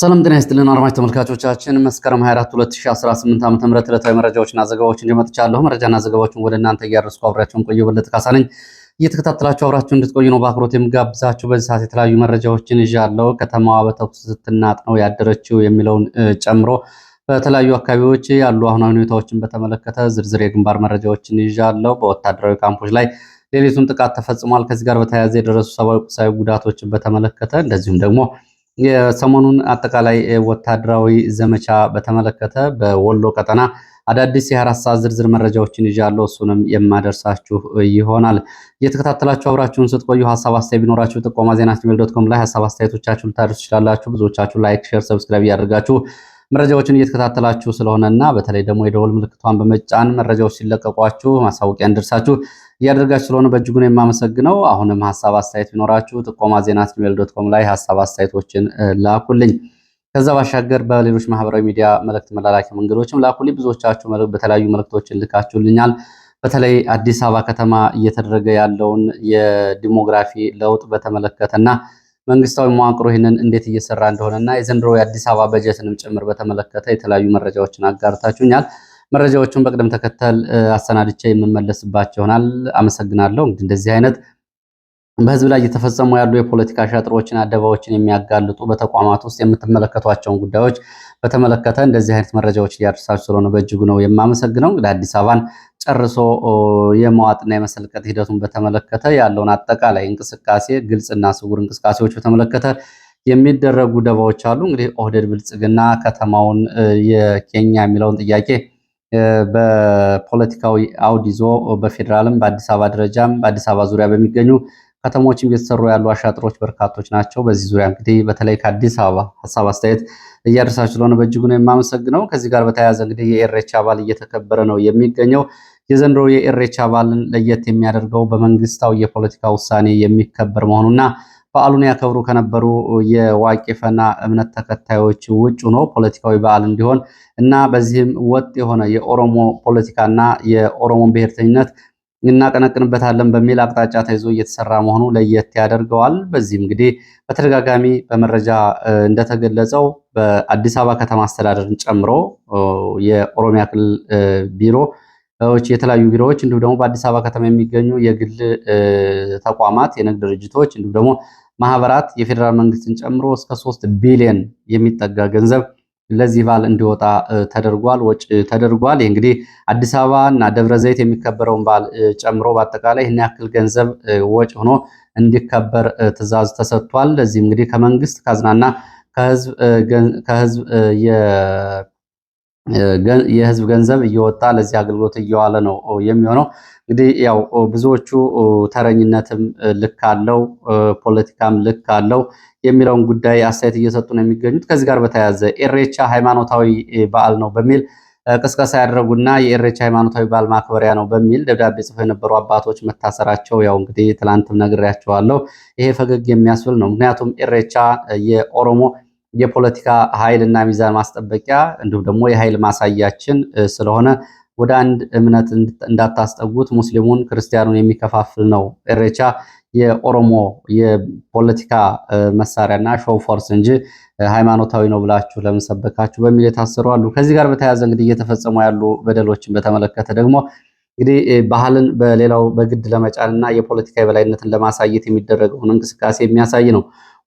ሰላም ጤና ይስጥልን አድማጭ ተመልካቾቻችን፣ መስከረም 24 2018 ዓ.ም ተምረት ዕለታዊ መረጃዎችና ዘገባዎችን ይዤ መጥቻለሁ። መረጃና ዘገባዎችን ወደ እናንተ እያደረስኩ አብሬያችሁን ቆየሁ። በለጠ ካሳ ነኝ። እየተከታተላችሁ አብራችሁ እንድትቆዩ ነው በአክብሮት የምጋብዛችሁ። በዚህ ሰዓት የተለያዩ መረጃዎችን ይዣለሁ። ከተማዋ በተኩስ ስትናጥ ነው ያደረችው የሚለውን ጨምሮ በተለያዩ አካባቢዎች ያሉ አሁናዊ ሁኔታዎችን በተመለከተ ዝርዝር የግንባር መረጃዎችን ይዣለሁ። በወታደራዊ ካምፖች ላይ ሌሊቱን ጥቃት ተፈጽሟል። ከዚህ ጋር በተያያዘ የደረሱ ሰብአዊ፣ ቁሳዊ ጉዳቶችን በተመለከተ እንደዚሁም ደግሞ የሰሞኑን አጠቃላይ ወታደራዊ ዘመቻ በተመለከተ በወሎ ቀጠና አዳዲስ የአራት ሰዓት ዝርዝር መረጃዎችን ይዣለሁ። እሱንም የማደርሳችሁ ይሆናል። እየተከታተላችሁ አብራችሁን ስትቆዩ ሀሳብ አስተያየት ቢኖራችሁ ጥቆማ ዜና ጂሜል ዶት ኮም ላይ ሀሳብ አስተያየቶቻችሁ ልታደርሱ ትችላላችሁ። ብዙዎቻችሁ ላይክ፣ ሼር፣ ሰብስክራይብ እያደርጋችሁ መረጃዎችን እየተከታተላችሁ ስለሆነና በተለይ ደግሞ የደወል ምልክቷን በመጫን መረጃዎች ሲለቀቋችሁ ማሳወቂያ እንድርሳችሁ እያደረጋችሁ ስለሆነ በእጅጉ ነው የማመሰግነው። አሁንም ሀሳብ አስተያየት ቢኖራችሁ ጥቆማ ዜና ጂሜል ዶት ኮም ላይ ሀሳብ አስተያየቶችን ላኩልኝ። ከዛ ባሻገር በሌሎች ማህበራዊ ሚዲያ መልእክት መላላኪያ መንገዶችም ላኩልኝ። ብዙዎቻችሁ በተለያዩ መልእክቶችን ልካችሁልኛል። በተለይ አዲስ አበባ ከተማ እየተደረገ ያለውን የዲሞግራፊ ለውጥ በተመለከተና መንግስታዊ መዋቅሩ ይህንን እንዴት እየሰራ እንደሆነና የዘንድሮ የአዲስ አበባ በጀትንም ጭምር በተመለከተ የተለያዩ መረጃዎችን አጋርታችሁኛል። መረጃዎቹን በቅደም ተከተል አሰናድቼ የምመለስባቸው ይሆናል። አመሰግናለሁ። እንግዲህ እንደዚህ አይነት በህዝብ ላይ እየተፈጸሙ ያሉ የፖለቲካ ሻጥሮችን፣ አደባዎችን የሚያጋልጡ በተቋማት ውስጥ የምትመለከቷቸውን ጉዳዮች በተመለከተ እንደዚህ አይነት መረጃዎች ሊያደርሳችሁ ስለሆነ በእጅጉ ነው የማመሰግነው። እንግዲህ አዲስ አበባን ጨርሶ የመዋጥና የመሰልቀት ሂደቱን በተመለከተ ያለውን አጠቃላይ እንቅስቃሴ ግልጽና ስውር እንቅስቃሴዎች በተመለከተ የሚደረጉ ደባዎች አሉ። እንግዲህ ኦህደድ ብልጽግና ከተማውን የኬኛ የሚለውን ጥያቄ በፖለቲካዊ አውድ ይዞ በፌዴራልም በአዲስ አበባ ደረጃም በአዲስ አበባ ዙሪያ በሚገኙ ከተሞች እየተሰሩ ያሉ አሻጥሮች በርካቶች ናቸው። በዚህ ዙሪያ እንግዲህ በተለይ ከአዲስ አበባ ሀሳብ አስተያየት እያደረሳችሁ ስለሆነ በእጅጉ ነው የማመሰግነው። ከዚህ ጋር በተያያዘ እንግዲህ የኤሬቻ በዓል እየተከበረ ነው የሚገኘው። የዘንድሮ የኤሬቻ በዓልን ለየት የሚያደርገው በመንግስታዊ የፖለቲካ ውሳኔ የሚከበር መሆኑና በዓሉን ያከብሩ ከነበሩ የዋቄፈና እምነት ተከታዮች ውጭ ነው ፖለቲካዊ በዓል እንዲሆን እና በዚህም ወጥ የሆነ የኦሮሞ ፖለቲካና የኦሮሞን ብሔርተኝነት እናቀነቅንበታለን በሚል አቅጣጫ ተይዞ እየተሰራ መሆኑ ለየት ያደርገዋል። በዚህም እንግዲህ በተደጋጋሚ በመረጃ እንደተገለጸው በአዲስ አበባ ከተማ አስተዳደርን ጨምሮ የኦሮሚያ ክልል ቢሮዎች፣ የተለያዩ ቢሮዎች እንዲሁም ደግሞ በአዲስ አበባ ከተማ የሚገኙ የግል ተቋማት፣ የንግድ ድርጅቶች እንዲሁም ደግሞ ማህበራት የፌዴራል መንግስትን ጨምሮ እስከ ሶስት ቢሊዮን የሚጠጋ ገንዘብ ለዚህ በዓል እንዲወጣ ተደርጓል፣ ወጪ ተደርጓል። ይህ እንግዲህ አዲስ አበባ እና ደብረ ዘይት የሚከበረውን በዓል ጨምሮ በአጠቃላይ ይህን ያክል ገንዘብ ወጪ ሆኖ እንዲከበር ትዕዛዝ ተሰጥቷል። ለዚህም እንግዲህ ከመንግስት ካዝናና ከህዝብ የህዝብ ገንዘብ እየወጣ ለዚህ አገልግሎት እየዋለ ነው የሚሆነው። እንግዲህ ያው ብዙዎቹ ተረኝነትም ልክ አለው፣ ፖለቲካም ልክ አለው የሚለውን ጉዳይ አስተያየት እየሰጡ ነው የሚገኙት። ከዚህ ጋር በተያያዘ ኤሬቻ ሃይማኖታዊ በዓል ነው በሚል ቅስቀሳ ያደረጉና የኤሬቻ ሃይማኖታዊ በዓል ማክበሪያ ነው በሚል ደብዳቤ ጽፎ የነበሩ አባቶች መታሰራቸው ያው እንግዲህ ትላንትም ነግሬያቸዋለሁ። ይሄ ፈገግ የሚያስብል ነው። ምክንያቱም ኤሬቻ የኦሮሞ የፖለቲካ ኃይል እና ሚዛን ማስጠበቂያ እንዲሁም ደግሞ የኃይል ማሳያችን ስለሆነ ወደ አንድ እምነት እንዳታስጠጉት፣ ሙስሊሙን ክርስቲያኑን የሚከፋፍል ነው ኢሬቻ የኦሮሞ የፖለቲካ መሳሪያና ሾው ፎርስ እንጂ ሃይማኖታዊ ነው ብላችሁ ለምን ሰበካችሁ በሚል የታሰሩ አሉ። ከዚህ ጋር በተያያዘ እንግዲህ እየተፈጸሙ ያሉ በደሎችን በተመለከተ ደግሞ እንግዲህ ባህልን በሌላው በግድ ለመጫን እና የፖለቲካ የበላይነትን ለማሳየት የሚደረገውን እንቅስቃሴ የሚያሳይ ነው።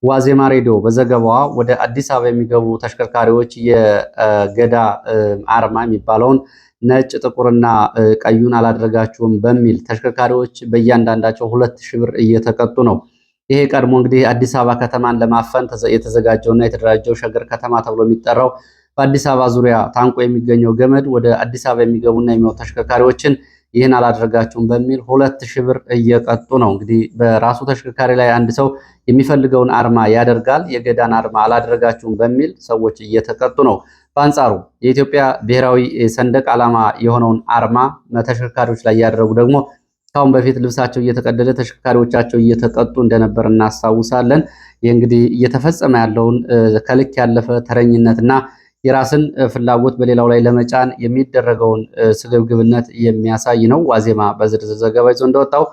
ዋዜማ ሬዲዮ በዘገባዋ ወደ አዲስ አበባ የሚገቡ ተሽከርካሪዎች የገዳ አርማ የሚባለውን ነጭ ጥቁርና ቀዩን አላደረጋችሁም በሚል ተሽከርካሪዎች በእያንዳንዳቸው ሁለት ሺህ ብር እየተቀጡ ነው። ይሄ ቀድሞ እንግዲህ አዲስ አበባ ከተማን ለማፈን የተዘጋጀውና የተደራጀው ሸገር ከተማ ተብሎ የሚጠራው በአዲስ አበባ ዙሪያ ታንቆ የሚገኘው ገመድ ወደ አዲስ አበባ የሚገቡና የሚወጡ ተሽከርካሪዎችን ይህን አላደረጋችሁም በሚል ሁለት ሺህ ብር እየቀጡ ነው። እንግዲህ በራሱ ተሽከርካሪ ላይ አንድ ሰው የሚፈልገውን አርማ ያደርጋል። የገዳን አርማ አላደረጋችሁም በሚል ሰዎች እየተቀጡ ነው። በአንጻሩ የኢትዮጵያ ብሔራዊ ሰንደቅ ዓላማ የሆነውን አርማ ተሽከርካሪዎች ላይ ያደረጉ ደግሞ ካሁን በፊት ልብሳቸው እየተቀደደ ተሽከርካሪዎቻቸው እየተቀጡ እንደነበር እናስታውሳለን። ይህ እንግዲህ እየተፈጸመ ያለውን ከልክ ያለፈ ተረኝነትና የራስን ፍላጎት በሌላው ላይ ለመጫን የሚደረገውን ስግብግብነት የሚያሳይ ነው። ዋዜማ በዝርዝር ዘገባ ይዞ እንደወጣው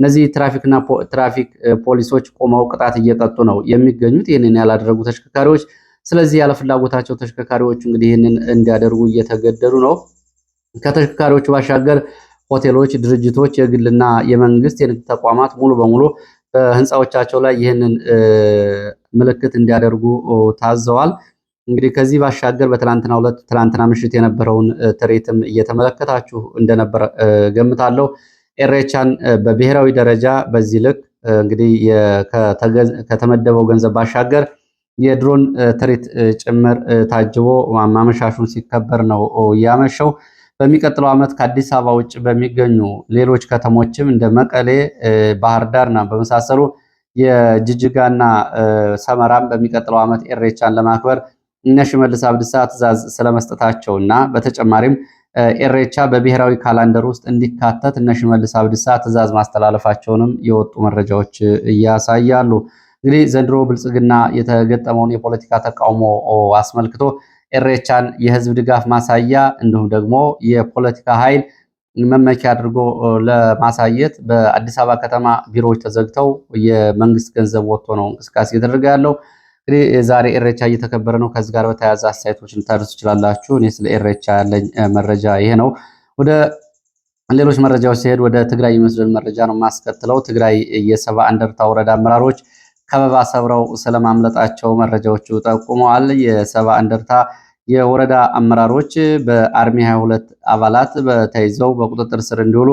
እነዚህ ትራፊክና ትራፊክ ፖሊሶች ቆመው ቅጣት እየቀጡ ነው የሚገኙት ይህንን ያላደረጉ ተሽከርካሪዎች። ስለዚህ ያለፍላጎታቸው ተሽከርካሪዎች እንግዲህ ይህንን እንዲያደርጉ እየተገደዱ ነው። ከተሽከርካሪዎቹ ባሻገር ሆቴሎች፣ ድርጅቶች፣ የግልና የመንግስት የንግድ ተቋማት ሙሉ በሙሉ በህንፃዎቻቸው ላይ ይህንን ምልክት እንዲያደርጉ ታዘዋል። እንግዲህ ከዚህ ባሻገር በትላንትና ሁለት ትላንትና ምሽት የነበረውን ትርኢትም እየተመለከታችሁ እንደነበረ ገምታለሁ። ኤሬቻን በብሔራዊ ደረጃ በዚህ ልክ እንግዲህ ከተመደበው ገንዘብ ባሻገር የድሮን ትርኢት ጭምር ታጅቦ ማመሻሹን ሲከበር ነው እያመሸው። በሚቀጥለው ዓመት ከአዲስ አበባ ውጭ በሚገኙ ሌሎች ከተሞችም እንደ መቀሌ፣ ባህር ዳርና በመሳሰሉ የጅጅጋና ሰመራም በሚቀጥለው ዓመት ኤሬቻን ለማክበር እነ ሽመልስ አብዲሳ ትዕዛዝ ስለመስጠታቸውና በተጨማሪም ኤሬቻ በብሔራዊ ካላንደር ውስጥ እንዲካተት እነ ሽመልስ አብዲሳ ትዕዛዝ ማስተላለፋቸውንም የወጡ መረጃዎች እያሳያሉ። እንግዲህ ዘንድሮ ብልጽግና የተገጠመውን የፖለቲካ ተቃውሞ አስመልክቶ ኤሬቻን የህዝብ ድጋፍ ማሳያ እንዲሁም ደግሞ የፖለቲካ ኃይል መመኪያ አድርጎ ለማሳየት በአዲስ አበባ ከተማ ቢሮዎች ተዘግተው የመንግስት ገንዘብ ወጥቶ ነው እንቅስቃሴ እየተደረገ ያለው። እንግዲህ የዛሬ ኤሬቻ እየተከበረ ነው። ከዚህ ጋር በተያያዘ አስተያየቶች ልታደርሱ ትችላላችሁ። እኔ ስለ ኤሬቻ ያለኝ መረጃ ይሄ ነው። ወደ ሌሎች መረጃዎች ሲሄድ ወደ ትግራይ የሚወስደን መረጃ ነው የማስከትለው። ትግራይ የሰባ እንደርታ ወረዳ አመራሮች ከበባ ሰብረው ስለማምለጣቸው መረጃዎቹ ጠቁመዋል። የሰባ እንደርታ የወረዳ አመራሮች በአርሚ 22 አባላት ተይዘው በቁጥጥር ስር እንዲውሉ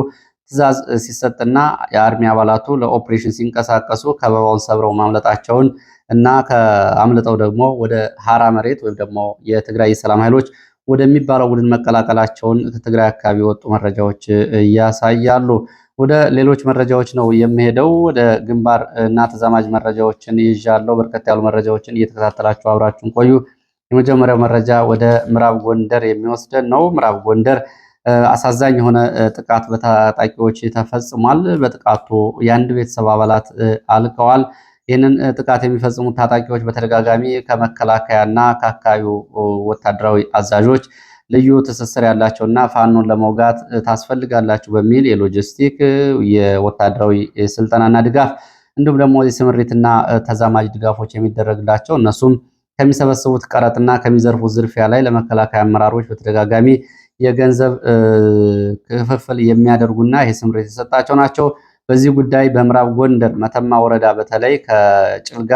ትዕዛዝ ሲሰጥና የአርሚ አባላቱ ለኦፕሬሽን ሲንቀሳቀሱ ከበባውን ሰብረው ማምለጣቸውን እና ከአምልጠው ደግሞ ወደ ሀራ መሬት ወይም ደግሞ የትግራይ የሰላም ኃይሎች ወደሚባለው ቡድን መቀላቀላቸውን ከትግራይ አካባቢ የወጡ መረጃዎች ያሳያሉ። ወደ ሌሎች መረጃዎች ነው የምሄደው። ወደ ግንባር እና ተዛማጅ መረጃዎችን ይዣለሁ። በርከት ያሉ መረጃዎችን እየተከታተላችሁ አብራችሁን ቆዩ። የመጀመሪያው መረጃ ወደ ምዕራብ ጎንደር የሚወስደን ነው። ምዕራብ ጎንደር አሳዛኝ የሆነ ጥቃት በታጣቂዎች ተፈጽሟል። በጥቃቱ የአንድ ቤተሰብ አባላት አልቀዋል። ይህንን ጥቃት የሚፈጽሙት ታጣቂዎች በተደጋጋሚ ከመከላከያና ከአካባቢው ወታደራዊ አዛዦች ልዩ ትስስር ያላቸውና ፋኖን ለመውጋት ታስፈልጋላችሁ በሚል የሎጂስቲክ የወታደራዊ ስልጠናና ድጋፍ እንዲሁም ደግሞ የስምሪትና ተዛማጅ ድጋፎች የሚደረግላቸው እነሱም ከሚሰበስቡት ቀረጥና ከሚዘርፉት ዝርፊያ ላይ ለመከላከያ አመራሮች በተደጋጋሚ የገንዘብ ክፍፍል የሚያደርጉና ይሄ ስምሪት የተሰጣቸው ናቸው። በዚህ ጉዳይ በምዕራብ ጎንደር መተማ ወረዳ በተለይ ከጭልጋ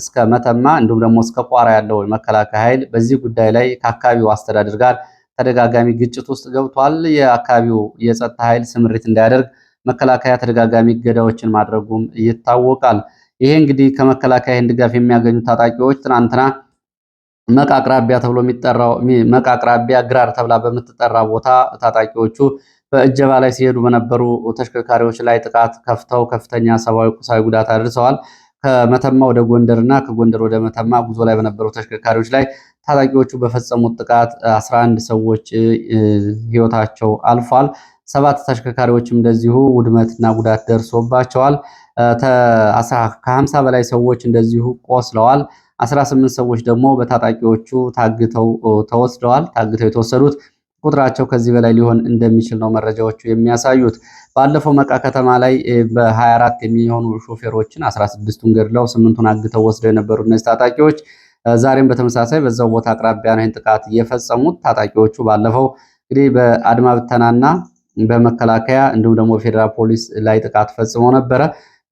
እስከ መተማ እንዲሁም ደግሞ እስከ ቋራ ያለው መከላከያ ኃይል በዚህ ጉዳይ ላይ ከአካባቢው አስተዳደር ጋር ተደጋጋሚ ግጭት ውስጥ ገብቷል። የአካባቢው የጸጥታ ኃይል ስምሪት እንዳያደርግ መከላከያ ተደጋጋሚ እገዳዎችን ማድረጉም ይታወቃል። ይሄ እንግዲህ ከመከላከያ ይህን ድጋፍ የሚያገኙ ታጣቂዎች ትናንትና መቃ ተብሎ የሚጠራው መቃ አቅራቢያ ግራር ተብላ በምትጠራ ቦታ ታጣቂዎቹ በእጀባ ላይ ሲሄዱ በነበሩ ተሽከርካሪዎች ላይ ጥቃት ከፍተው ከፍተኛ ሰብአዊ፣ ቁሳዊ ጉዳት አድርሰዋል። ከመተማ ወደ ጎንደር እና ከጎንደር ወደ መተማ ጉዞ ላይ በነበሩ ተሽከርካሪዎች ላይ ታጣቂዎቹ በፈጸሙት ጥቃት 11 ሰዎች ህይወታቸው አልፏል። ሰባት ተሽከርካሪዎችም እንደዚሁ ውድመትና ጉዳት ደርሶባቸዋል። ከ50 በላይ ሰዎች እንደዚሁ ቆስለዋል። 18 ሰዎች ደግሞ በታጣቂዎቹ ታግተው ተወስደዋል። ታግተው የተወሰዱት ቁጥራቸው ከዚህ በላይ ሊሆን እንደሚችል ነው መረጃዎቹ የሚያሳዩት። ባለፈው መቃ ከተማ ላይ በ24 የሚሆኑ ሾፌሮችን 16ቱን ገድለው ስምንቱን አግተው ወስደው የነበሩ እነዚህ ታጣቂዎች ዛሬም በተመሳሳይ በዛው ቦታ አቅራቢያ ነው ይህን ጥቃት የፈጸሙት። ታጣቂዎቹ ባለፈው እንግዲህ በአድማ ብተናና በመከላከያ እንዲሁም ደግሞ በፌዴራል ፖሊስ ላይ ጥቃት ፈጽመው ነበረ።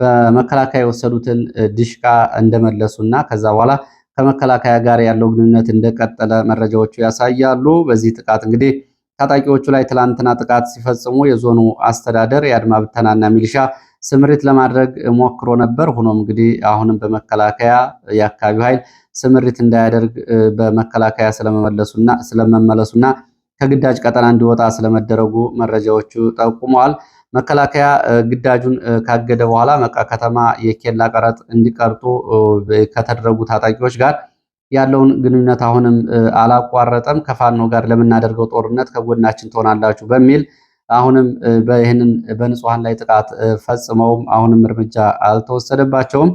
በመከላከያ የወሰዱትን ዲሽቃ እንደመለሱና ከዛ በኋላ ከመከላከያ ጋር ያለው ግንኙነት እንደቀጠለ መረጃዎቹ ያሳያሉ። በዚህ ጥቃት እንግዲህ ታጣቂዎቹ ላይ ትላንትና ጥቃት ሲፈጽሙ የዞኑ አስተዳደር የአድማ ብተናና ሚሊሻ ስምሪት ለማድረግ ሞክሮ ነበር። ሆኖም እንግዲህ አሁንም በመከላከያ የአካባቢው ኃይል ስምሪት እንዳያደርግ በመከላከያ ስለመመለሱና ከግዳጅ ቀጠና እንዲወጣ ስለመደረጉ መረጃዎቹ ጠቁመዋል። መከላከያ ግዳጁን ካገደ በኋላ መቃ ከተማ የኬላ ቀረጥ እንዲቀርጡ ከተደረጉ ታጣቂዎች ጋር ያለውን ግንኙነት አሁንም አላቋረጠም። ከፋኖ ጋር ለምናደርገው ጦርነት ከጎናችን ትሆናላችሁ በሚል አሁንም ይህንን በንጹሐን ላይ ጥቃት ፈጽመውም አሁንም እርምጃ አልተወሰደባቸውም።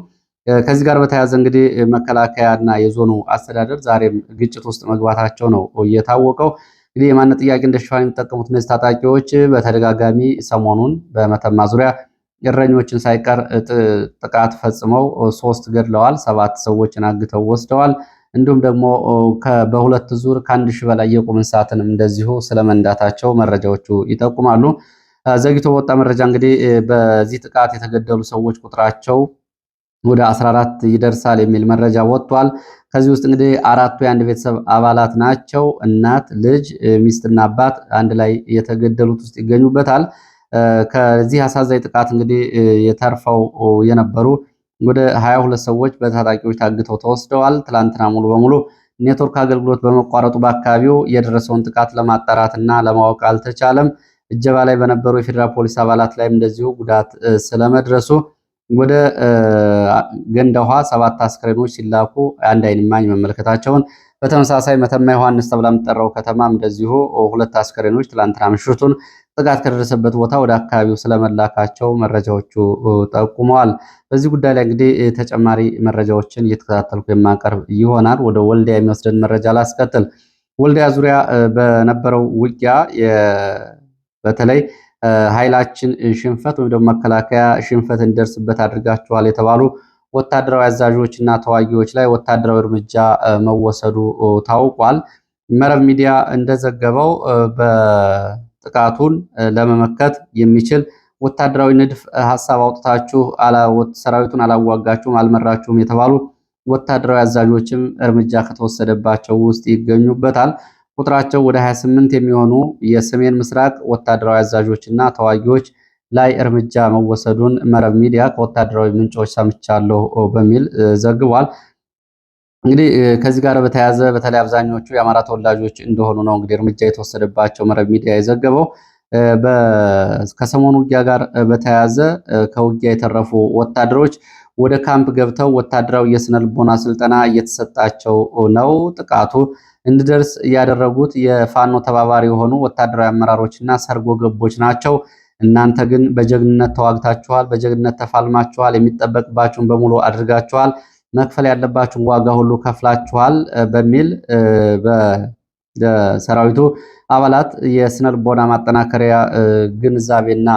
ከዚህ ጋር በተያያዘ እንግዲህ መከላከያ እና የዞኑ አስተዳደር ዛሬም ግጭት ውስጥ መግባታቸው ነው እየታወቀው። እንግዲህ የማንነት ጥያቄ እንደ ሽፋን የሚጠቀሙት እነዚህ ታጣቂዎች በተደጋጋሚ ሰሞኑን በመተማ ዙሪያ እረኞችን ሳይቀር ጥቃት ፈጽመው ሶስት ገድለዋል፣ ሰባት ሰዎችን አግተው ወስደዋል። እንዲሁም ደግሞ በሁለት ዙር ከአንድ ሺህ በላይ የቁም እንስሳትንም እንደዚሁ ስለመንዳታቸው መረጃዎቹ ይጠቁማሉ። ዘግይቶ በወጣ መረጃ እንግዲህ በዚህ ጥቃት የተገደሉ ሰዎች ቁጥራቸው ወደ 14 ይደርሳል የሚል መረጃ ወጥቷል። ከዚህ ውስጥ እንግዲህ አራቱ የአንድ ቤተሰብ አባላት ናቸው። እናት፣ ልጅ፣ ሚስትና አባት አንድ ላይ የተገደሉት ውስጥ ይገኙበታል። ከዚህ አሳዛኝ ጥቃት እንግዲህ የተርፈው የነበሩ ወደ 22 ሰዎች በታጣቂዎች ታግተው ተወስደዋል። ትላንትና ሙሉ በሙሉ ኔትወርክ አገልግሎት በመቋረጡ በአካባቢው የደረሰውን ጥቃት ለማጣራት እና ለማወቅ አልተቻለም። እጀባ ላይ በነበሩ የፌዴራል ፖሊስ አባላት ላይም እንደዚሁ ጉዳት ስለመድረሱ ወደ ገንዳ ውሃ ሰባት አስክሬኖች ሲላኩ አንድ አይን እማኝ መመልከታቸውን በተመሳሳይ መተማ ዮሐንስ ተብላ የምትጠራው ከተማም እንደዚሁ ሁለት አስክሬኖች ትላንትና ምሽቱን ጥቃት ከደረሰበት ቦታ ወደ አካባቢው ስለመላካቸው መረጃዎቹ ጠቁመዋል። በዚህ ጉዳይ ላይ እንግዲህ ተጨማሪ መረጃዎችን እየተከታተልኩ የማቀርብ ይሆናል። ወደ ወልዲያ የሚወስደን መረጃ ላስከትል። ወልዲያ ዙሪያ በነበረው ውጊያ በተለይ ኃይላችን ሽንፈት ወይም ደግሞ መከላከያ ሽንፈት እንደርስበት አድርጋችኋል የተባሉ ወታደራዊ አዛዦች እና ተዋጊዎች ላይ ወታደራዊ እርምጃ መወሰዱ ታውቋል። መረብ ሚዲያ እንደዘገበው በጥቃቱን ለመመከት የሚችል ወታደራዊ ንድፍ ሀሳብ አውጥታችሁ ሰራዊቱን አላዋጋችሁም፣ አልመራችሁም የተባሉ ወታደራዊ አዛዦችም እርምጃ ከተወሰደባቸው ውስጥ ይገኙበታል። ቁጥራቸው ወደ 28 የሚሆኑ የሰሜን ምስራቅ ወታደራዊ አዛዦችና ተዋጊዎች ላይ እርምጃ መወሰዱን መረብ ሚዲያ ከወታደራዊ ምንጮች ሰምቻለሁ በሚል ዘግቧል። እንግዲህ ከዚህ ጋር በተያያዘ በተለይ አብዛኞቹ የአማራ ተወላጆች እንደሆኑ ነው እንግዲህ እርምጃ የተወሰደባቸው መረብ ሚዲያ የዘገበው። ከሰሞኑ ውጊያ ጋር በተያያዘ ከውጊያ የተረፉ ወታደሮች ወደ ካምፕ ገብተው ወታደራዊ የስነ ልቦና ስልጠና እየተሰጣቸው ነው። ጥቃቱ እንዲደርስ ያደረጉት የፋኖ ተባባሪ የሆኑ ወታደራዊ አመራሮችና ሰርጎ ገቦች ናቸው። እናንተ ግን በጀግንነት ተዋግታችኋል፣ በጀግንነት ተፋልማችኋል፣ የሚጠበቅባችሁን በሙሉ አድርጋችኋል፣ መክፈል ያለባችሁን ዋጋ ሁሉ ከፍላችኋል በሚል በሰራዊቱ አባላት የስነ ልቦና ማጠናከሪያ ግንዛቤና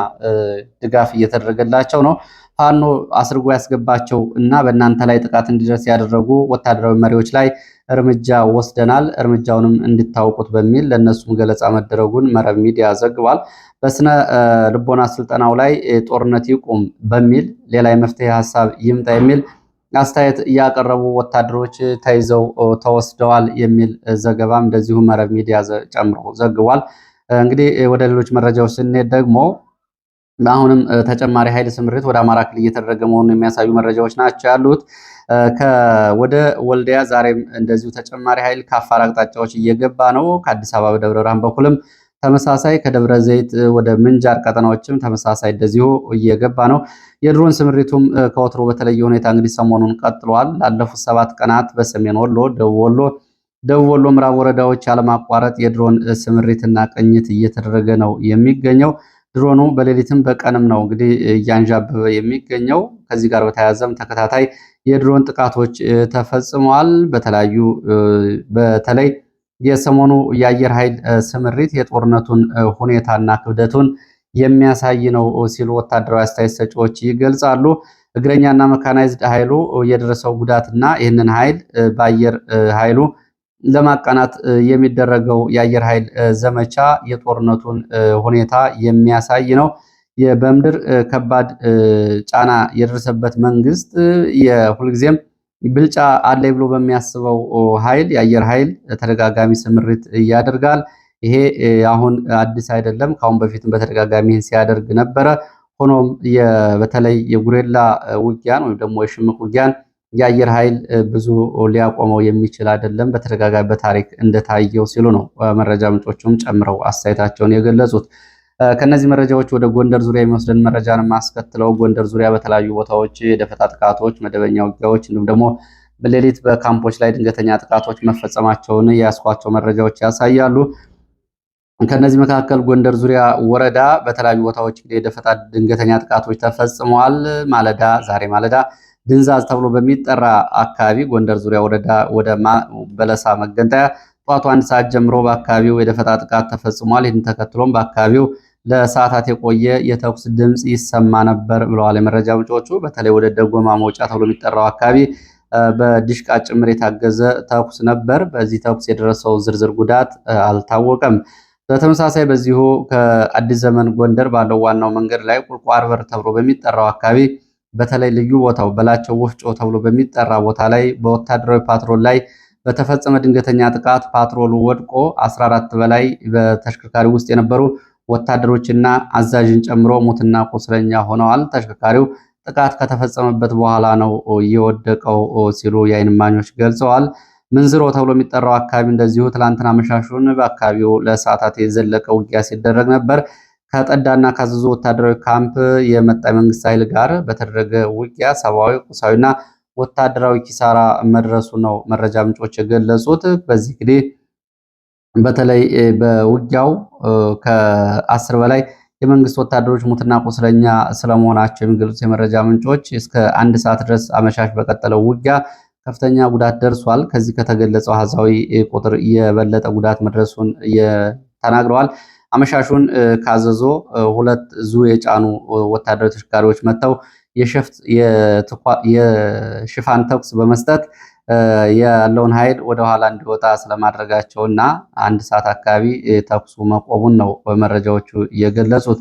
ድጋፍ እየተደረገላቸው ነው። ፋኖ አስርጎ ያስገባቸው እና በእናንተ ላይ ጥቃት እንዲደርስ ያደረጉ ወታደራዊ መሪዎች ላይ እርምጃ ወስደናል፣ እርምጃውንም እንድታውቁት በሚል ለእነሱም ገለጻ መደረጉን መረብ ሚዲያ ዘግቧል። በስነ ልቦና ስልጠናው ላይ ጦርነት ይቁም በሚል ሌላ የመፍትሄ ሀሳብ ይምጣ የሚል አስተያየት እያቀረቡ ወታደሮች ተይዘው ተወስደዋል የሚል ዘገባም እንደዚሁ መረብ ሚዲያ ጨምሮ ዘግቧል። እንግዲህ ወደ ሌሎች መረጃዎች ስንሄድ ደግሞ አሁንም ተጨማሪ ኃይል ስምሪት ወደ አማራ ክልል እየተደረገ መሆኑን የሚያሳዩ መረጃዎች ናቸው ያሉት። ወደ ወልዲያ ዛሬም እንደዚሁ ተጨማሪ ኃይል ከአፋር አቅጣጫዎች እየገባ ነው። ከአዲስ አበባ በደብረ ብርሃን በኩልም ተመሳሳይ ከደብረ ዘይት ወደ ምንጃር ቀጠናዎችም ተመሳሳይ እንደዚሁ እየገባ ነው። የድሮን ስምሪቱም ከወትሮ በተለየ ሁኔታ እንግዲህ ሰሞኑን ቀጥሏል። ላለፉት ሰባት ቀናት በሰሜን ወሎ፣ ደቡብ ወሎ ደቡብ ወሎ ምዕራብ ወረዳዎች ያለማቋረጥ የድሮን ስምሪትና ቅኝት እየተደረገ ነው የሚገኘው። ድሮኑ በሌሊትም በቀንም ነው እንግዲህ እያንዣበበ የሚገኘው። ከዚህ ጋር በተያያዘም ተከታታይ የድሮን ጥቃቶች ተፈጽመዋል። በተለያዩ በተለይ የሰሞኑ የአየር ኃይል ስምሪት የጦርነቱን ሁኔታና ክብደቱን የሚያሳይ ነው ሲሉ ወታደራዊ አስተያየት ሰጪዎች ይገልጻሉ። እግረኛና መካናይዝድ ኃይሉ የደረሰው ጉዳትና ይህንን ኃይል በአየር ኃይሉ ለማቃናት የሚደረገው የአየር ኃይል ዘመቻ የጦርነቱን ሁኔታ የሚያሳይ ነው። በምድር ከባድ ጫና የደረሰበት መንግስት የሁልጊዜም ብልጫ አለ ብሎ በሚያስበው ኃይል የአየር ኃይል ተደጋጋሚ ስምሪት ያደርጋል። ይሄ አሁን አዲስ አይደለም። ከአሁን በፊትም በተደጋጋሚ ሲያደርግ ነበረ። ሆኖም በተለይ የጉሬላ ውጊያን ወይም ደግሞ የሽምቅ ውጊያን የአየር ኃይል ብዙ ሊያቆመው የሚችል አይደለም፣ በተደጋጋሚ በታሪክ እንደታየው ሲሉ ነው መረጃ ምንጮቹም ጨምረው አስተያየታቸውን የገለጹት። ከነዚህ መረጃዎች ወደ ጎንደር ዙሪያ የሚወስደን መረጃን ማስከትለው ጎንደር ዙሪያ በተለያዩ ቦታዎች የደፈጣ ጥቃቶች፣ መደበኛ ውጊያዎች እንዲሁም ደግሞ በሌሊት በካምፖች ላይ ድንገተኛ ጥቃቶች መፈጸማቸውን የያስኳቸው መረጃዎች ያሳያሉ። ከነዚህ መካከል ጎንደር ዙሪያ ወረዳ በተለያዩ ቦታዎች የደፈጣ ድንገተኛ ጥቃቶች ተፈጽመዋል። ማለዳ ዛሬ ማለዳ ድንዛዝ ተብሎ በሚጠራ አካባቢ ጎንደር ዙሪያ ወረዳ ወደ በለሳ መገንጠያ ጠዋቱ አንድ ሰዓት ጀምሮ በአካባቢው የደፈጣ ጥቃት ተፈጽሟል። ይህን ተከትሎም በአካባቢው ለሰዓታት የቆየ የተኩስ ድምፅ ይሰማ ነበር ብለዋል የመረጃ ምንጮቹ። በተለይ ወደ ደጎማ መውጫ ተብሎ የሚጠራው አካባቢ በድሽቃ ጭምር የታገዘ ተኩስ ነበር። በዚህ ተኩስ የደረሰው ዝርዝር ጉዳት አልታወቀም። በተመሳሳይ በዚሁ ከአዲስ ዘመን ጎንደር ባለው ዋናው መንገድ ላይ ቁልቋር በር ተብሎ በሚጠራው አካባቢ በተለይ ልዩ ቦታው በላቸው ወፍጮ ተብሎ በሚጠራ ቦታ ላይ በወታደራዊ ፓትሮል ላይ በተፈጸመ ድንገተኛ ጥቃት ፓትሮሉ ወድቆ 14 በላይ በተሽከርካሪ ውስጥ የነበሩ ወታደሮችና አዛዥን ጨምሮ ሙትና ቁስለኛ ሆነዋል። ተሽከርካሪው ጥቃት ከተፈጸመበት በኋላ ነው የወደቀው ሲሉ የዓይን እማኞች ገልጸዋል። ምንዝሮ ተብሎ የሚጠራው አካባቢ እንደዚሁ ትላንትና መሻሹን በአካባቢው ለሰዓታት የዘለቀ ውጊያ ሲደረግ ነበር። ከጠዳና ካዘዞ ወታደራዊ ካምፕ የመጣ የመንግስት ኃይል ጋር በተደረገ ውጊያ ሰብአዊ፣ ቁሳዊና ወታደራዊ ኪሳራ መድረሱ ነው መረጃ ምንጮች የገለጹት። በዚህ ጊዜ በተለይ በውጊያው ከአስር በላይ የመንግስት ወታደሮች ሙትና ቁስለኛ ስለመሆናቸው የሚገልጹት የመረጃ ምንጮች እስከ አንድ ሰዓት ድረስ አመሻሽ በቀጠለው ውጊያ ከፍተኛ ጉዳት ደርሷል። ከዚህ ከተገለጸው አሃዛዊ ቁጥር የበለጠ ጉዳት መድረሱን ተናግረዋል። አመሻሹን ካዘዞ ሁለት ዙ የጫኑ ወታደራዊ ተሽከርካሪዎች መጥተው የሽፋን ተኩስ በመስጠት ያለውን ኃይል ወደኋላ እንዲወጣ ስለማድረጋቸው እና አንድ ሰዓት አካባቢ ተኩሱ መቆሙን ነው መረጃዎቹ የገለጹት።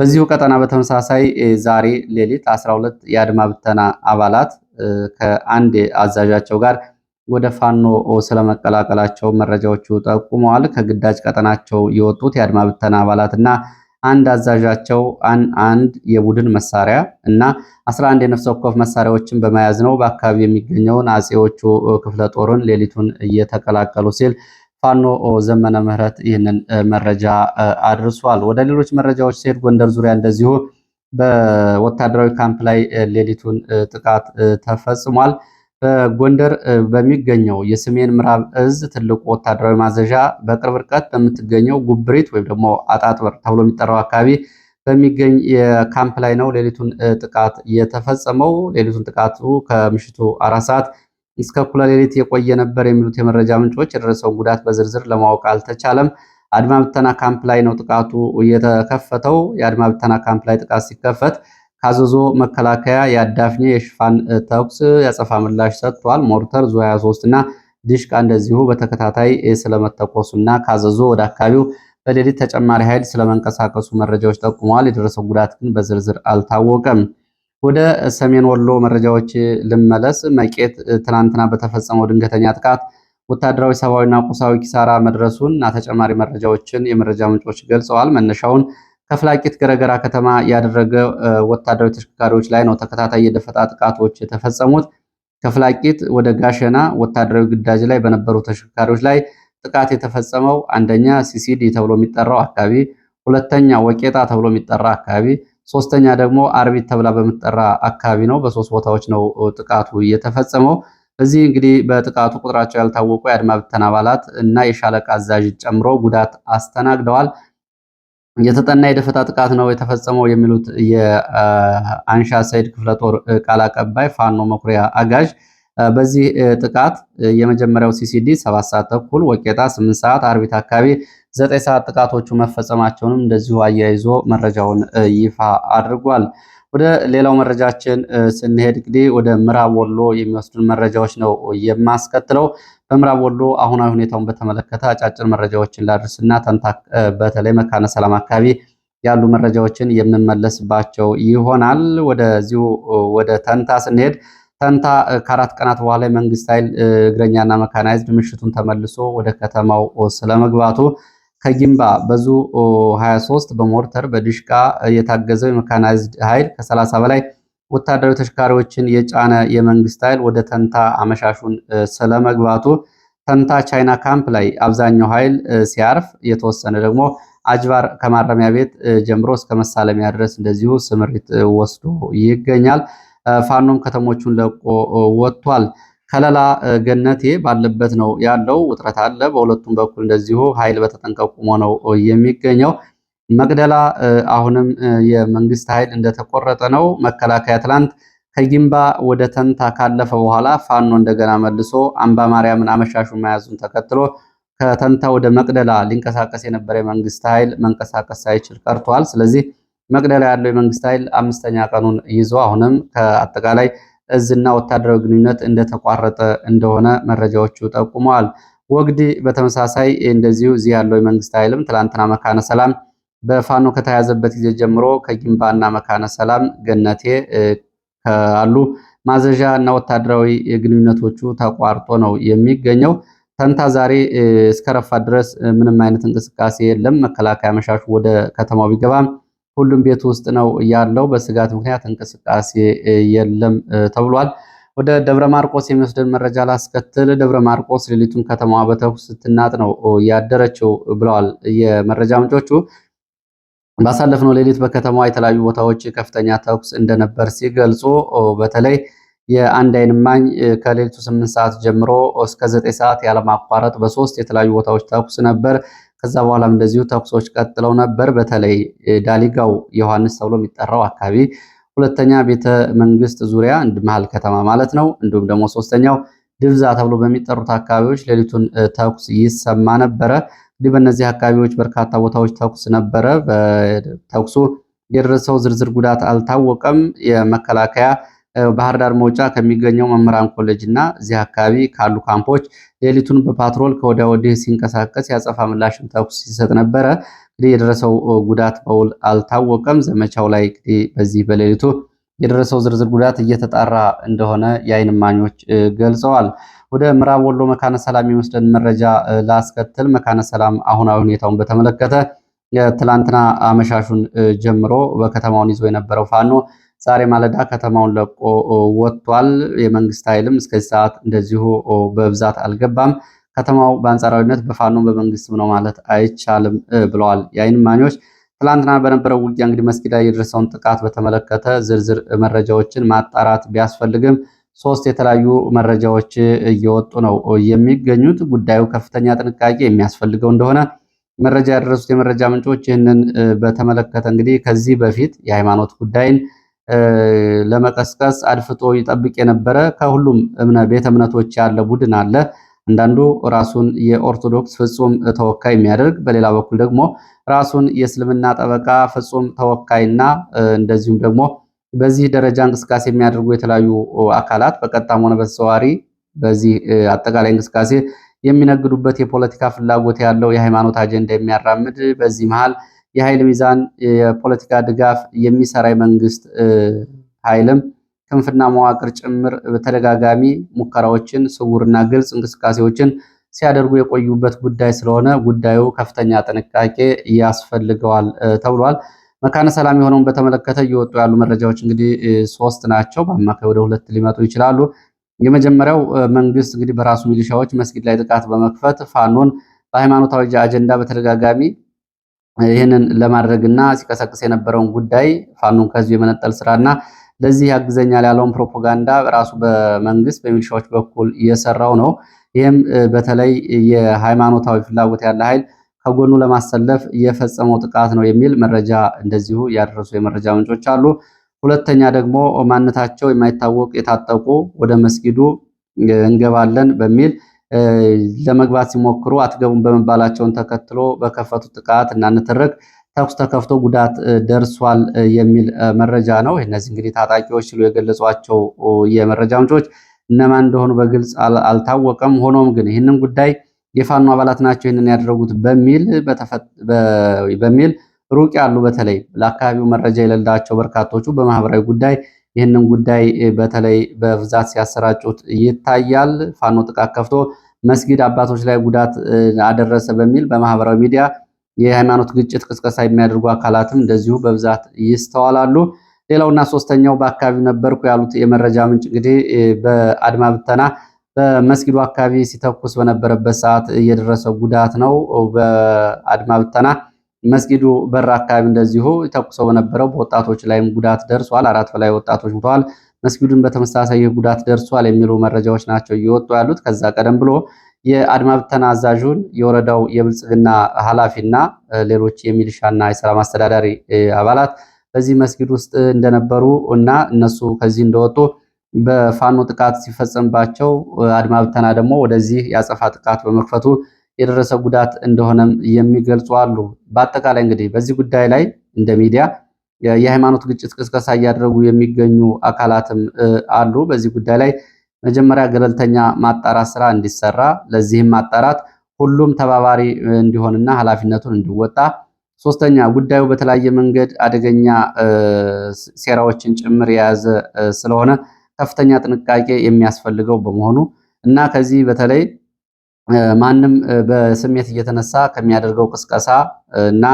በዚሁ ቀጠና በተመሳሳይ ዛሬ ሌሊት 12 የአድማ ብተና አባላት ከአንድ አዛዣቸው ጋር ወደ ፋኖ ስለመቀላቀላቸው መረጃዎቹ ጠቁመዋል። ከግዳጅ ቀጠናቸው የወጡት የአድማ ብተና አባላትና አንድ አዛዣቸው አንድ የቡድን መሳሪያ እና 11 የነፍስ ወከፍ መሳሪያዎችን በመያዝ ነው በአካባቢው የሚገኘውን አጼዎቹ ክፍለ ጦርን ሌሊቱን እየተቀላቀሉ ሲል ፋኖ ዘመነ ምህረት ይህንን መረጃ አድርሷል። ወደ ሌሎች መረጃዎች ሲሄድ ጎንደር ዙሪያ እንደዚሁ በወታደራዊ ካምፕ ላይ ሌሊቱን ጥቃት ተፈጽሟል። በጎንደር በሚገኘው የሰሜን ምዕራብ እዝ ትልቁ ወታደራዊ ማዘዣ በቅርብ ርቀት በምትገኘው ጉብሪት ወይም ደግሞ አጣጥበር ተብሎ የሚጠራው አካባቢ በሚገኝ የካምፕ ላይ ነው ሌሊቱን ጥቃት የተፈጸመው። ሌሊቱን ጥቃቱ ከምሽቱ አራት ሰዓት እስከ እኩለ ሌሊት የቆየ ነበር የሚሉት የመረጃ ምንጮች የደረሰውን ጉዳት በዝርዝር ለማወቅ አልተቻለም። አድማ ብተና ካምፕ ላይ ነው ጥቃቱ የተከፈተው። የአድማ ብተና ካምፕ ላይ ጥቃት ሲከፈት ካዘዞ መከላከያ የአዳፍኔ የሽፋን ተኩስ ያጸፋ ምላሽ ሰጥቷል። ሞርተር ዙ 23 እና ድሽቃ እንደዚሁ በተከታታይ ስለመተኮሱና ካዘዞ ወደ አካባቢው በሌሊት ተጨማሪ ኃይል ስለመንቀሳቀሱ መረጃዎች ጠቁመዋል። የደረሰው ጉዳት ግን በዝርዝር አልታወቀም። ወደ ሰሜን ወሎ መረጃዎች ልመለስ። መቄት ትናንትና በተፈጸመው ድንገተኛ ጥቃት ወታደራዊ ሰብአዊና ቁሳዊ ኪሳራ መድረሱን እና ተጨማሪ መረጃዎችን የመረጃ ምንጮች ገልጸዋል። መነሻውን ከፍላቂት ገረገራ ከተማ ያደረገ ወታደራዊ ተሽከርካሪዎች ላይ ነው ተከታታይ የደፈጣ ጥቃቶች የተፈጸሙት። ከፍላቂት ወደ ጋሸና ወታደራዊ ግዳጅ ላይ በነበሩ ተሽከርካሪዎች ላይ ጥቃት የተፈጸመው አንደኛ ሲሲዲ ተብሎ የሚጠራው አካባቢ፣ ሁለተኛ ወቄጣ ተብሎ የሚጠራ አካባቢ፣ ሶስተኛ ደግሞ አርቢት ተብላ በምትጠራ አካባቢ ነው። በሶስት ቦታዎች ነው ጥቃቱ የተፈጸመው። በዚህ እንግዲህ በጥቃቱ ቁጥራቸው ያልታወቁ የአድማ ብተና አባላት እና የሻለቃ አዛዥ ጨምሮ ጉዳት አስተናግደዋል። የተጠና የደፈጣ ጥቃት ነው የተፈጸመው የሚሉት የአንሻ ሰይድ ክፍለ ጦር ቃል አቀባይ ፋኖ መኩሪያ አጋዥ በዚህ ጥቃት የመጀመሪያው ሲሲዲ ሰባት ሰዓት ተኩል ወቄጣ ስምንት ሰዓት አርቢት አካባቢ ዘጠኝ ሰዓት ጥቃቶቹ መፈጸማቸውንም እንደዚሁ አያይዞ መረጃውን ይፋ አድርጓል። ወደ ሌላው መረጃችን ስንሄድ እንግዲህ ወደ ምዕራብ ወሎ የሚወስዱን መረጃዎች ነው የማስከትለው። በምዕራብ ወሎ አሁናዊ ሁኔታውን በተመለከተ አጫጭር መረጃዎችን ላድርስና ተንታ በተለይ መካነ ሰላም አካባቢ ያሉ መረጃዎችን የምንመለስባቸው ይሆናል። ወደዚሁ ወደ ተንታ ስንሄድ ተንታ ከአራት ቀናት በኋላ የመንግስት ኃይል እግረኛና መካናይዝድ ምሽቱን ተመልሶ ወደ ከተማው ስለመግባቱ ከጊንባ በዙ 23 በሞርተር በድሽቃ የታገዘው የመካናይዝድ ኃይል ከ30 በላይ ወታደራዊ ተሽካሪዎችን የጫነ የመንግስት ኃይል ወደ ተንታ አመሻሹን ስለመግባቱ ተንታ ቻይና ካምፕ ላይ አብዛኛው ኃይል ሲያርፍ፣ የተወሰነ ደግሞ አጅባር ከማረሚያ ቤት ጀምሮ እስከ መሳለሚያ ድረስ እንደዚሁ ስምሪት ወስዶ ይገኛል። ፋኖም ከተሞቹን ለቆ ወጥቷል። ከለላ ገነቴ ባለበት ነው ያለው። ውጥረት አለ። በሁለቱም በኩል እንደዚሁ ኃይል በተጠንቀቁ ነው የሚገኘው። መቅደላ አሁንም የመንግስት ኃይል እንደተቆረጠ ነው። መከላከያ ትላንት ከጊምባ ወደ ተንታ ካለፈ በኋላ ፋኖ እንደገና መልሶ አምባ ማርያምን አመሻሹ መያዙን ተከትሎ ከተንታ ወደ መቅደላ ሊንቀሳቀስ የነበረ የመንግስት ኃይል መንቀሳቀስ ሳይችል ቀርቷል። ስለዚህ መቅደላ ያለው የመንግስት ኃይል አምስተኛ ቀኑን ይዞ አሁንም ከአጠቃላይ እዝና ወታደራዊ ግንኙነት እንደተቋረጠ እንደሆነ መረጃዎቹ ጠቁመዋል። ወግዲ በተመሳሳይ እንደዚሁ እዚህ ያለው የመንግስት ኃይልም ትላንትና መካነ ሰላም በፋኖ ከተያዘበት ጊዜ ጀምሮ ከጊንባና መካነ ሰላም ገነቴ ካሉ ማዘዣ እና ወታደራዊ ግንኙነቶቹ ተቋርጦ ነው የሚገኘው። ተንታ ዛሬ እስከረፋ ድረስ ምንም አይነት እንቅስቃሴ የለም። መከላከያ መሻሹ ወደ ከተማው ቢገባም ሁሉም ቤት ውስጥ ነው ያለው። በስጋት ምክንያት እንቅስቃሴ የለም ተብሏል። ወደ ደብረ ማርቆስ የሚወስደን መረጃ ላስከትል። ደብረ ማርቆስ ሌሊቱን ከተማዋ በተኩስ ስትናጥ ነው ያደረችው ብለዋል የመረጃ ምንጮቹ። ባሳለፍነው ሌሊት በከተማዋ የተለያዩ ቦታዎች ከፍተኛ ተኩስ እንደነበር ሲገልጹ በተለይ የአንድ አይን እማኝ ከሌሊቱ ስምንት ሰዓት ጀምሮ እስከ ዘጠኝ ሰዓት ያለማቋረጥ በሶስት የተለያዩ ቦታዎች ተኩስ ነበር። ከዛ በኋላም እንደዚሁ ተኩሶች ቀጥለው ነበር። በተለይ ዳሊጋው ዮሐንስ ተብሎ የሚጠራው አካባቢ፣ ሁለተኛ ቤተ መንግስት ዙሪያ መሀል ከተማ ማለት ነው። እንዲሁም ደግሞ ሶስተኛው ድብዛ ተብሎ በሚጠሩት አካባቢዎች ሌሊቱን ተኩስ ይሰማ ነበረ። እንግዲህ በእነዚህ አካባቢዎች በርካታ ቦታዎች ተኩስ ነበረ። ተኩሱ የደረሰው ዝርዝር ጉዳት አልታወቀም። የመከላከያ ባህር ዳር መውጫ ከሚገኘው መምህራን ኮሌጅ እና እዚህ አካባቢ ካሉ ካምፖች ሌሊቱን በፓትሮል ከወደ ወዲህ ሲንቀሳቀስ ያጸፋ ምላሽም ተኩስ ሲሰጥ ነበረ። እንግዲህ የደረሰው ጉዳት በውል አልታወቀም። ዘመቻው ላይ እንግዲህ በዚህ በሌሊቱ የደረሰው ዝርዝር ጉዳት እየተጣራ እንደሆነ የአይን እማኞች ገልጸዋል። ወደ ምዕራብ ወሎ መካነ ሰላም የሚወስደን መረጃ ላስከትል። መካነ ሰላም አሁናዊ ሁኔታውን በተመለከተ ትላንትና አመሻሹን ጀምሮ በከተማውን ይዞ የነበረው ፋኖ ዛሬ ማለዳ ከተማውን ለቆ ወጥቷል። የመንግስት ኃይልም እስከዚህ ሰዓት እንደዚሁ በብዛት አልገባም። ከተማው በአንጻራዊነት በፋኖ በመንግስትም ነው ማለት አይቻልም ብለዋል የዓይን ማኞች። ትላንትና በነበረው ውጊያ እንግዲህ መስጊድ ላይ የደረሰውን ጥቃት በተመለከተ ዝርዝር መረጃዎችን ማጣራት ቢያስፈልግም ሶስት የተለያዩ መረጃዎች እየወጡ ነው የሚገኙት። ጉዳዩ ከፍተኛ ጥንቃቄ የሚያስፈልገው እንደሆነ መረጃ ያደረሱት የመረጃ ምንጮች ይህንን በተመለከተ እንግዲህ ከዚህ በፊት የሃይማኖት ጉዳይን ለመቀስቀስ አድፍጦ ይጠብቅ የነበረ ከሁሉም ቤተ እምነቶች ያለ ቡድን አለ። አንዳንዱ ራሱን የኦርቶዶክስ ፍጹም ተወካይ የሚያደርግ፣ በሌላ በኩል ደግሞ ራሱን የእስልምና ጠበቃ ፍጹም ተወካይና እንደዚሁም ደግሞ በዚህ ደረጃ እንቅስቃሴ የሚያደርጉ የተለያዩ አካላት በቀጥታም ሆነ በተዘዋዋሪ በዚህ አጠቃላይ እንቅስቃሴ የሚነግዱበት የፖለቲካ ፍላጎት ያለው የሃይማኖት አጀንዳ የሚያራምድ በዚህ መሃል የኃይል ሚዛን የፖለቲካ ድጋፍ የሚሰራ የመንግስት ኃይልም ክንፍና መዋቅር ጭምር በተደጋጋሚ ሙከራዎችን ስውርና ግልጽ እንቅስቃሴዎችን ሲያደርጉ የቆዩበት ጉዳይ ስለሆነ ጉዳዩ ከፍተኛ ጥንቃቄ ያስፈልገዋል ተብሏል። መካነ ሰላም የሆነውን በተመለከተ እየወጡ ያሉ መረጃዎች እንግዲህ ሶስት ናቸው። በአማካይ ወደ ሁለት ሊመጡ ይችላሉ። የመጀመሪያው መንግስት እንግዲህ በራሱ ሚሊሻዎች መስጊድ ላይ ጥቃት በመክፈት ፋኖን በሃይማኖታዊ አጀንዳ በተደጋጋሚ ይህንን ለማድረግና ሲቀሰቅስ የነበረውን ጉዳይ ፋኖን ከዚህ የመነጠል ስራና ለዚህ ያግዘኛል ያለውን ፕሮፓጋንዳ ራሱ በመንግስት በሚሊሻዎች በኩል እየሰራው ነው። ይህም በተለይ የሃይማኖታዊ ፍላጎት ያለ ኃይል ከጎኑ ለማሰለፍ የፈጸመው ጥቃት ነው የሚል መረጃ እንደዚሁ ያደረሱ የመረጃ ምንጮች አሉ። ሁለተኛ ደግሞ ማንነታቸው የማይታወቅ የታጠቁ ወደ መስጊዱ እንገባለን በሚል ለመግባት ሲሞክሩ አትገቡም በመባላቸውን ተከትሎ በከፈቱ ጥቃት እና ንትርክ ተኩስ ተከፍቶ ጉዳት ደርሷል የሚል መረጃ ነው። እነዚህ እንግዲህ ታጣቂዎች ሲሉ የገለጿቸው የመረጃ ምንጮች እነማን እንደሆኑ በግልጽ አልታወቀም። ሆኖም ግን ይህንን ጉዳይ የፋኖ አባላት ናቸው ይህንን ያደረጉት በሚል ሩቅ ያሉ በተለይ ለአካባቢው መረጃ የሌላቸው በርካቶቹ በማህበራዊ ጉዳይ ይህንን ጉዳይ በተለይ በብዛት ሲያሰራጩት ይታያል። ፋኖ ጥቃት ከፍቶ መስጊድ አባቶች ላይ ጉዳት አደረሰ በሚል በማህበራዊ ሚዲያ የሃይማኖት ግጭት ቅስቀሳ የሚያደርጉ አካላትም እንደዚሁ በብዛት ይስተዋላሉ። ሌላውና ሶስተኛው በአካባቢው ነበርኩ ያሉት የመረጃ ምንጭ እንግዲህ በአድማ ብተና በመስጊዱ አካባቢ ሲተኩስ በነበረበት ሰዓት የደረሰው ጉዳት ነው። በአድማ ብተና መስጊዱ በር አካባቢ እንደዚሁ ተኩሰው በነበረው በወጣቶች ላይም ጉዳት ደርሷል። አራት በላይ ወጣቶች ሙተዋል። መስጊዱን በተመሳሳይ ጉዳት ደርሷል የሚሉ መረጃዎች ናቸው እየወጡ ያሉት። ከዛ ቀደም ብሎ የአድማ ብተና አዛዡን የወረዳው የብልጽግና ኃላፊና ሌሎች የሚሊሻና የሰላም አስተዳዳሪ አባላት በዚህ መስጊድ ውስጥ እንደነበሩ እና እነሱ ከዚህ እንደወጡ በፋኖ ጥቃት ሲፈጸምባቸው አድማብተና ደግሞ ወደዚህ ያጸፋ ጥቃት በመክፈቱ የደረሰ ጉዳት እንደሆነም የሚገልጹ አሉ። በአጠቃላይ እንግዲህ በዚህ ጉዳይ ላይ እንደ ሚዲያ የሃይማኖት ግጭት ቅስቀሳ እያደረጉ የሚገኙ አካላትም አሉ። በዚህ ጉዳይ ላይ መጀመሪያ ገለልተኛ ማጣራት ስራ እንዲሰራ፣ ለዚህም ማጣራት ሁሉም ተባባሪ እንዲሆንና ኃላፊነቱን እንዲወጣ፣ ሶስተኛ ጉዳዩ በተለያየ መንገድ አደገኛ ሴራዎችን ጭምር የያዘ ስለሆነ ከፍተኛ ጥንቃቄ የሚያስፈልገው በመሆኑ እና ከዚህ በተለይ ማንም በስሜት እየተነሳ ከሚያደርገው ቅስቀሳ እና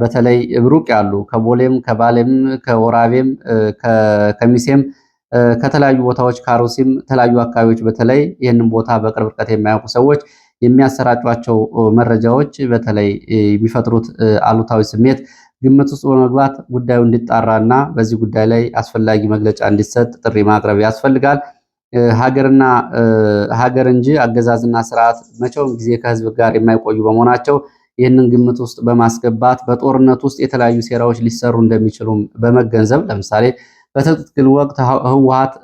በተለይ ብሩቅ ያሉ ከቦሌም ከባሌም ከወራቤም ከሚሴም ከተለያዩ ቦታዎች ከአሩሲም ተለያዩ አካባቢዎች በተለይ ይህንን ቦታ በቅርብ ርቀት የማያውቁ ሰዎች የሚያሰራጯቸው መረጃዎች በተለይ የሚፈጥሩት አሉታዊ ስሜት ግምት ውስጥ በመግባት ጉዳዩ እንዲጣራና በዚህ ጉዳይ ላይ አስፈላጊ መግለጫ እንዲሰጥ ጥሪ ማቅረብ ያስፈልጋል። ሀገርና ሀገር እንጂ አገዛዝና ስርዓት መቼውም ጊዜ ከህዝብ ጋር የማይቆዩ በመሆናቸው ይህንን ግምት ውስጥ በማስገባት በጦርነት ውስጥ የተለያዩ ሴራዎች ሊሰሩ እንደሚችሉም በመገንዘብ ለምሳሌ በትግል ወቅት ህወሀት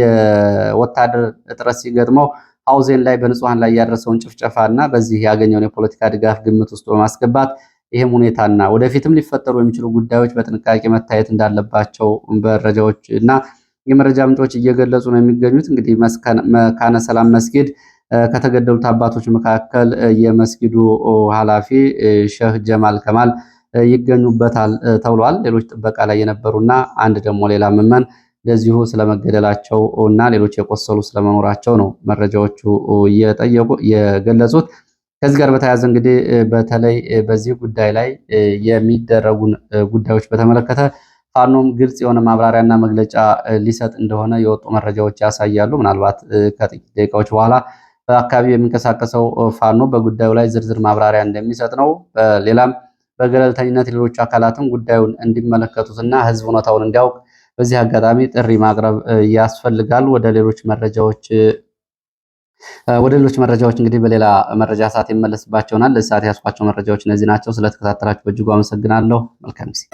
የወታደር እጥረት ሲገጥመው ሐውዜን ላይ በንጹሐን ላይ ያደረሰውን ጭፍጨፋ እና በዚህ ያገኘውን የፖለቲካ ድጋፍ ግምት ውስጥ በማስገባት ይህም ሁኔታና ወደፊትም ሊፈጠሩ የሚችሉ ጉዳዮች በጥንቃቄ መታየት እንዳለባቸው መረጃዎች እና የመረጃ ምንጮች እየገለጹ ነው የሚገኙት። እንግዲህ መካነ ሰላም መስጊድ ከተገደሉት አባቶች መካከል የመስጊዱ ኃላፊ ሼህ ጀማል ከማል ይገኙበታል ተብሏል። ሌሎች ጥበቃ ላይ የነበሩና አንድ ደግሞ ሌላ ምዕመን እንደዚሁ ስለመገደላቸው እና ሌሎች የቆሰሉ ስለመኖራቸው ነው መረጃዎቹ የገለጹት። ከዚህ ጋር በተያያዘ እንግዲህ በተለይ በዚህ ጉዳይ ላይ የሚደረጉን ጉዳዮች በተመለከተ ፋኖም ግልጽ የሆነ ማብራሪያና መግለጫ ሊሰጥ እንደሆነ የወጡ መረጃዎች ያሳያሉ። ምናልባት ከጥቂት ደቂቃዎች በኋላ በአካባቢ የሚንቀሳቀሰው ፋኖ በጉዳዩ ላይ ዝርዝር ማብራሪያ እንደሚሰጥ ነው። ሌላም በገለልተኝነት ሌሎች አካላትም ጉዳዩን እንዲመለከቱትና ህዝብ እውነታውን እንዲያውቅ በዚህ አጋጣሚ ጥሪ ማቅረብ ያስፈልጋል። ወደ ሌሎች መረጃዎች ወደ ሌሎች መረጃዎች እንግዲህ በሌላ መረጃ ሰዓት ይመለስባቸውናል። ለዚህ ሰዓት ያስኳቸው መረጃዎች እነዚህ ናቸው። ስለተከታተላችሁ በእጅጉ አመሰግናለሁ። መልካም ጊዜ